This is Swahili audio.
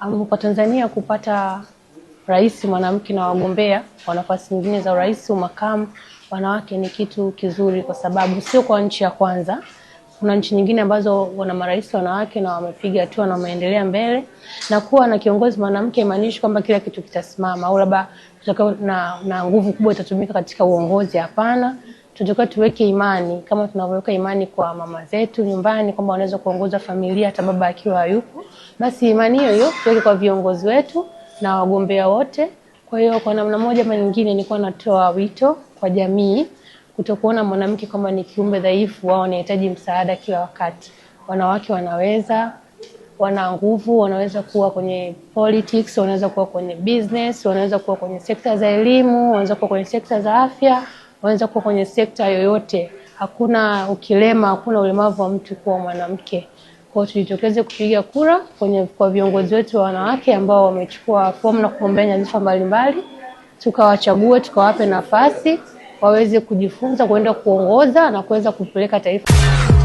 ambapo kwa Tanzania kupata rais mwanamke na wagombea kwa nafasi nyingine za urais, umakamu wanawake ni kitu kizuri, kwa sababu sio kwa nchi ya kwanza. Kuna nchi nyingine ambazo wana marais wanawake na wamepiga hatua na wameendelea mbele, na kuwa na kiongozi mwanamke imaanishi kwamba kila kitu kitasimama au labda na, na nguvu kubwa itatumika katika uongozi. Hapana, tunatakiwa tuweke imani kama tunavyoweka imani kwa mama zetu nyumbani kwamba wanaweza kuongoza familia hata baba akiwa hayupo, basi imani hiyo hiyo tuweke kwa viongozi wetu na wagombea wote. Kwa hiyo kwa namna moja ama nyingine, nilikuwa natoa wito kwa jamii kutokuona mwanamke kama ni kiumbe dhaifu wao wanahitaji msaada kila wakati. Wanawake wanaweza, wana nguvu, wanaweza kuwa kwenye politics, wanaweza kuwa kwenye business, wanaweza kuwa kwenye sekta za elimu, wanaweza kuwa kwenye sekta za afya wanaweza kuwa kwenye sekta yoyote. Hakuna ukilema, hakuna ulemavu wa mtu kuwa mwanamke. Kwa hiyo tujitokeze kupiga kura kwenye kwa viongozi wetu wa wanawake ambao wamechukua fomu na kugombea nyadhifa mbalimbali, tukawachague, tukawape nafasi waweze kujifunza, kuenda kuongoza na kuweza kupeleka taifa